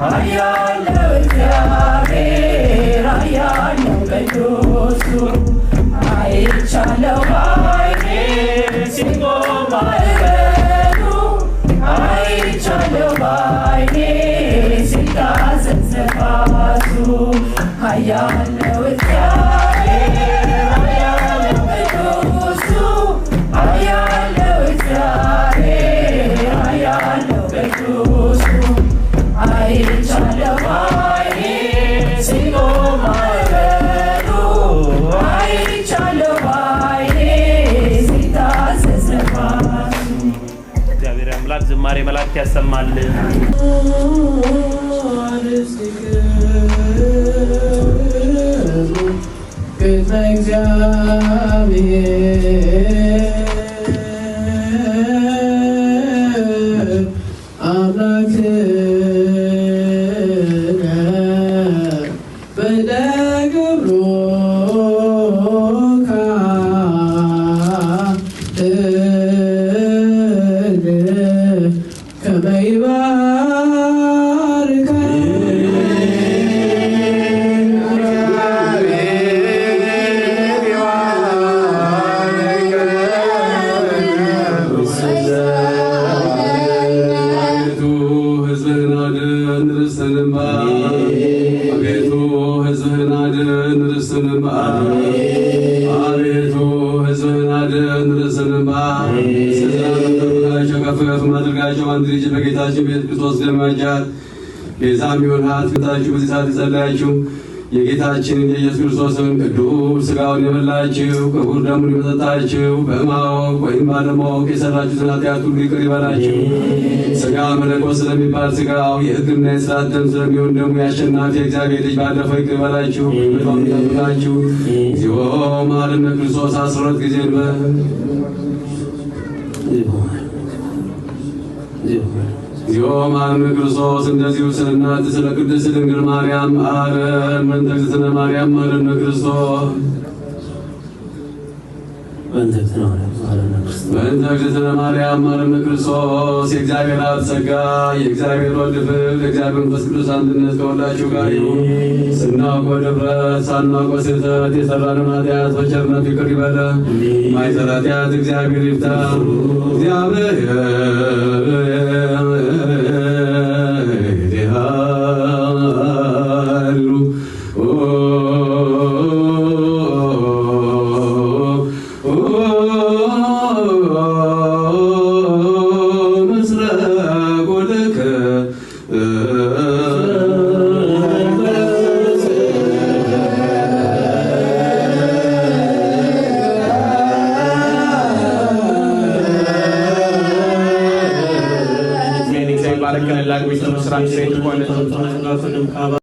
Hayal እግዚአብሔር ኃያል ነው ቅዱሱ አይቻለው ባይኔ ሲቆም አይበሉ አይቻለው ባይኔ ሲታዘን ዘፋሱ ኃያል ነው እግዚአብሔር ዝማሬ መላእክት ያሰማልን። አምላክ አቤቱ ሕዝብህን አድን፣ ርዕስንማ ስጋቸው ከፍ ከፍ አንድ ልጅ በጌታችን ቤት ክርስቶስ ደመጃት ቤዛም ይሆናት ጌታችሁ በዚህ ሰዓት ይጸለያችሁ የጌታችንን የኢየሱስ ክርስቶስን ቅዱስ ስጋውን የበላችሁ ክቡር ደሙን የጠጣችሁ በማወቅ ወይም ባለማወቅ የሰራችሁትን ኃጢአት ሁሉ ይቅር ይበላችሁ። መለኮት ስለሚባል ስጋው የሕግና የሥርዓት ደም ስለሚሆን ደሙ ያሸናፊ የእግዚአብሔር ልጅ ባለፈው ይቅር ይበላችሁ ይበላችሁ። እግዚኦ መሐረነ ክርስቶስ አስሮት ጊዜ በ እግዚኦ ማግነ ክርስቶስ እንደዚሁ ስናት እናት ስለ ቅድስት ድንግል ማርያም አረን መንተ እግዝእትነ ማርያም ማረነ ክርስቶስ በእንተ እግዝእትነ ማርያም ማረነ ክርስቶስ። የእግዚአብሔር አብ ጸጋ የእግዚአብሔር ወልድ ፍቅር የእግዚአብሔር መንፈስ ቅዱስ አንድነት ከሁላችሁ ጋር ይሁን። ስናውቀው ድፍረት ሳናውቀው ስህተት የሠራነውን ኃጢአት በቸርነቱ ይቅር ይበለን። ማይሰራት ኃጢአት እግዚአብሔር ይፍታ። እግዚአብሔር love. የተባረከንላት ቤተ ሴት ሆነ